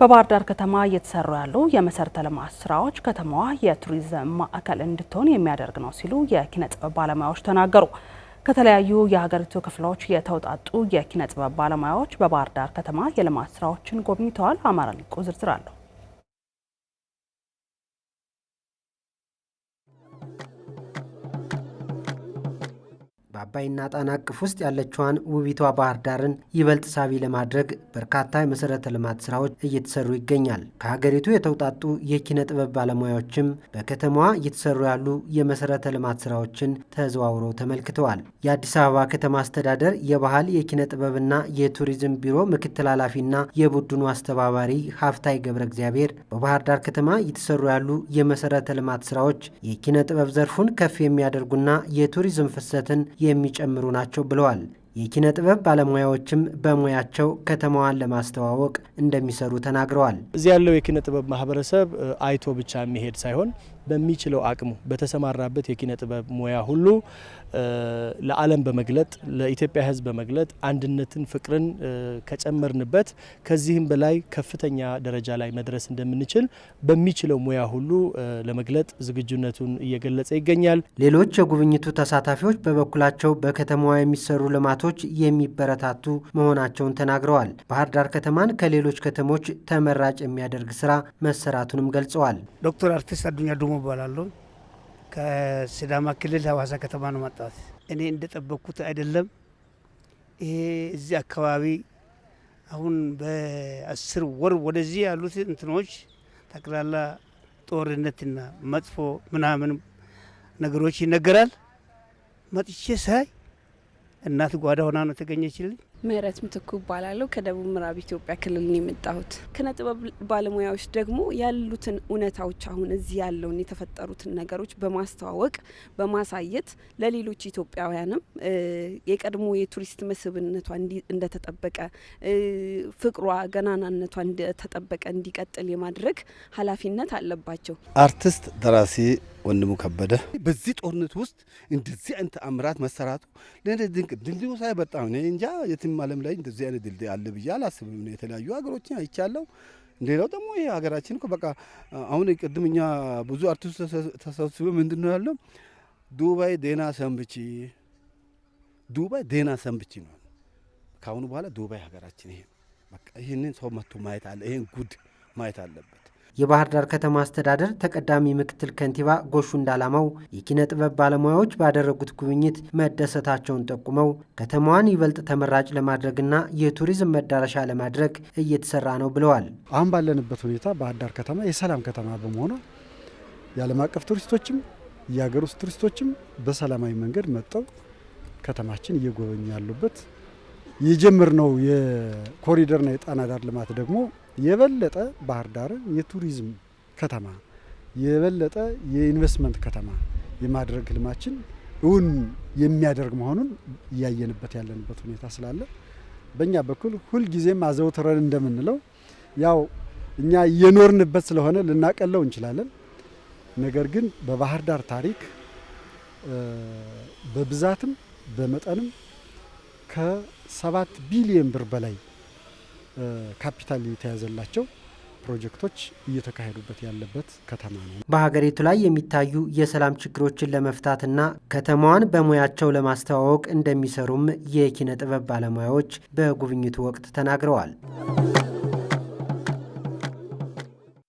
በባህር ዳር ከተማ እየተሰሩ ያሉ የመሰረተ ልማት ስራዎች ከተማዋ የቱሪዝም ማዕከል እንድትሆን የሚያደርግ ነው ሲሉ የኪነ ጥበብ ባለሙያዎች ተናገሩ። ከተለያዩ የሀገሪቱ ክፍሎች የተውጣጡ የኪነ ጥበብ ባለሙያዎች በባህር ዳር ከተማ የልማት ስራዎችን ጎብኝተዋል። አማራ ሊቆ ዝርዝር አለሁ በአባይና ጣና እቅፍ ውስጥ ያለችዋን ውቢቷ ባህር ዳርን ይበልጥ ሳቢ ለማድረግ በርካታ የመሰረተ ልማት ስራዎች እየተሰሩ ይገኛል። ከሀገሪቱ የተውጣጡ የኪነ ጥበብ ባለሙያዎችም በከተማዋ እየተሰሩ ያሉ የመሰረተ ልማት ስራዎችን ተዘዋውረው ተመልክተዋል። የአዲስ አበባ ከተማ አስተዳደር የባህል የኪነ ጥበብና የቱሪዝም ቢሮ ምክትል ኃላፊና የቡድኑ አስተባባሪ ሀፍታይ ገብረ እግዚአብሔር በባህር ዳር ከተማ እየተሰሩ ያሉ የመሰረተ ልማት ስራዎች የኪነ ጥበብ ዘርፉን ከፍ የሚያደርጉና የቱሪዝም ፍሰትን የሚጨምሩ ናቸው ብለዋል። የኪነ ጥበብ ባለሙያዎችም በሙያቸው ከተማዋን ለማስተዋወቅ እንደሚሰሩ ተናግረዋል። እዚህ ያለው የኪነ ጥበብ ማህበረሰብ አይቶ ብቻ የሚሄድ ሳይሆን በሚችለው አቅሙ በተሰማራበት የኪነ ጥበብ ሙያ ሁሉ ለዓለም በመግለጥ ለኢትዮጵያ ሕዝብ በመግለጥ አንድነትን፣ ፍቅርን ከጨመርንበት ከዚህም በላይ ከፍተኛ ደረጃ ላይ መድረስ እንደምንችል በሚችለው ሙያ ሁሉ ለመግለጥ ዝግጁነቱን እየገለጸ ይገኛል። ሌሎች የጉብኝቱ ተሳታፊዎች በበኩላቸው በከተማዋ የሚሰሩ ልማቶች የሚበረታቱ መሆናቸውን ተናግረዋል። ባህር ዳር ከተማን ከሌሎች ከተሞች ተመራጭ የሚያደርግ ስራ መሰራቱንም ገልጸዋል። ዶክተር አርቲስት አዱኛ ዱሞ እባላለሁ። ከሲዳማ ክልል ሀዋሳ ከተማ ነው መጣሁት። እኔ እንደጠበቅኩት አይደለም። ይሄ እዚህ አካባቢ አሁን በአስር ወር ወደዚህ ያሉት እንትኖች ጠቅላላ ጦርነትና መጥፎ ምናምን ነገሮች ይነገራል። መጥቼ ሳይ እናት ጓዳ ሆና ነው የተገኘችልኝ። ምህረት ምትኩ ይባላለሁ። ከደቡብ ምዕራብ ኢትዮጵያ ክልል ነው የመጣሁት። ኪነ ጥበብ ባለሙያዎች ደግሞ ያሉትን እውነታዎች አሁን እዚህ ያለውን የተፈጠሩትን ነገሮች በማስተዋወቅ በማሳየት ለሌሎች ኢትዮጵያውያንም የቀድሞ የቱሪስት መስህብነቷ እንደተጠበቀ ፍቅሯ፣ ገናናነቷ እንደተጠበቀ እንዲቀጥል የማድረግ ኃላፊነት አለባቸው። አርቲስት ደራሲ ወንድሙ ከበደ በዚህ ጦርነት ውስጥ እንደዚህ አይነት አምራት መሰራቱ ለድንቅ ድልድዩ ሳይ በጣም እኔ እንጃ በሌሎችም ዓለም ላይ እንደዚህ አይነት ድልድይ አለ ብዬ አላስብም። የተለያዩ ሀገሮችን አይቻለሁ። ሌላው ደግሞ ይሄ ሀገራችን እኮ በቃ አሁን ቅድም እኛ ብዙ አርቲስቶች ተሰብስበ ምንድን ነው ያለው ዱባይ ዴና ሰንብቺ፣ ዱባይ ዴና ሰንብቺ ነው። ከአሁኑ በኋላ ዱባይ ሀገራችን ይሄ በቃ ይህንን ሰው መጥቶ ማየት አለ ይህን ጉድ ማየት አለበት። የባህር ዳር ከተማ አስተዳደር ተቀዳሚ ምክትል ከንቲባ ጎሹ እንዳላማው የኪነ ጥበብ ባለሙያዎች ባደረጉት ጉብኝት መደሰታቸውን ጠቁመው ከተማዋን ይበልጥ ተመራጭ ለማድረግና የቱሪዝም መዳረሻ ለማድረግ እየተሰራ ነው ብለዋል። አሁን ባለንበት ሁኔታ ባህር ዳር ከተማ የሰላም ከተማ በመሆኗ የዓለም አቀፍ ቱሪስቶችም የሀገር ውስጥ ቱሪስቶችም በሰላማዊ መንገድ መጠው ከተማችን እየጎበኙ ያሉበት የጀመርነው የኮሪደርና የጣና ዳር ልማት ደግሞ የበለጠ ባህር ዳርን የቱሪዝም ከተማ የበለጠ የኢንቨስትመንት ከተማ የማድረግ ህልማችን እውን የሚያደርግ መሆኑን እያየንበት ያለንበት ሁኔታ ስላለ በእኛ በኩል ሁልጊዜም አዘውትረን እንደምንለው ያው እኛ እየኖርንበት ስለሆነ ልናቀለው እንችላለን። ነገር ግን በባህር ዳር ታሪክ በብዛትም በመጠንም ከሰባት ቢሊዮን ብር በላይ ካፒታል የተያዘላቸው ፕሮጀክቶች እየተካሄዱበት ያለበት ከተማ ነው። በሀገሪቱ ላይ የሚታዩ የሰላም ችግሮችን ለመፍታትና ከተማዋን በሙያቸው ለማስተዋወቅ እንደሚሰሩም የኪነ ጥበብ ባለሙያዎች በጉብኝቱ ወቅት ተናግረዋል።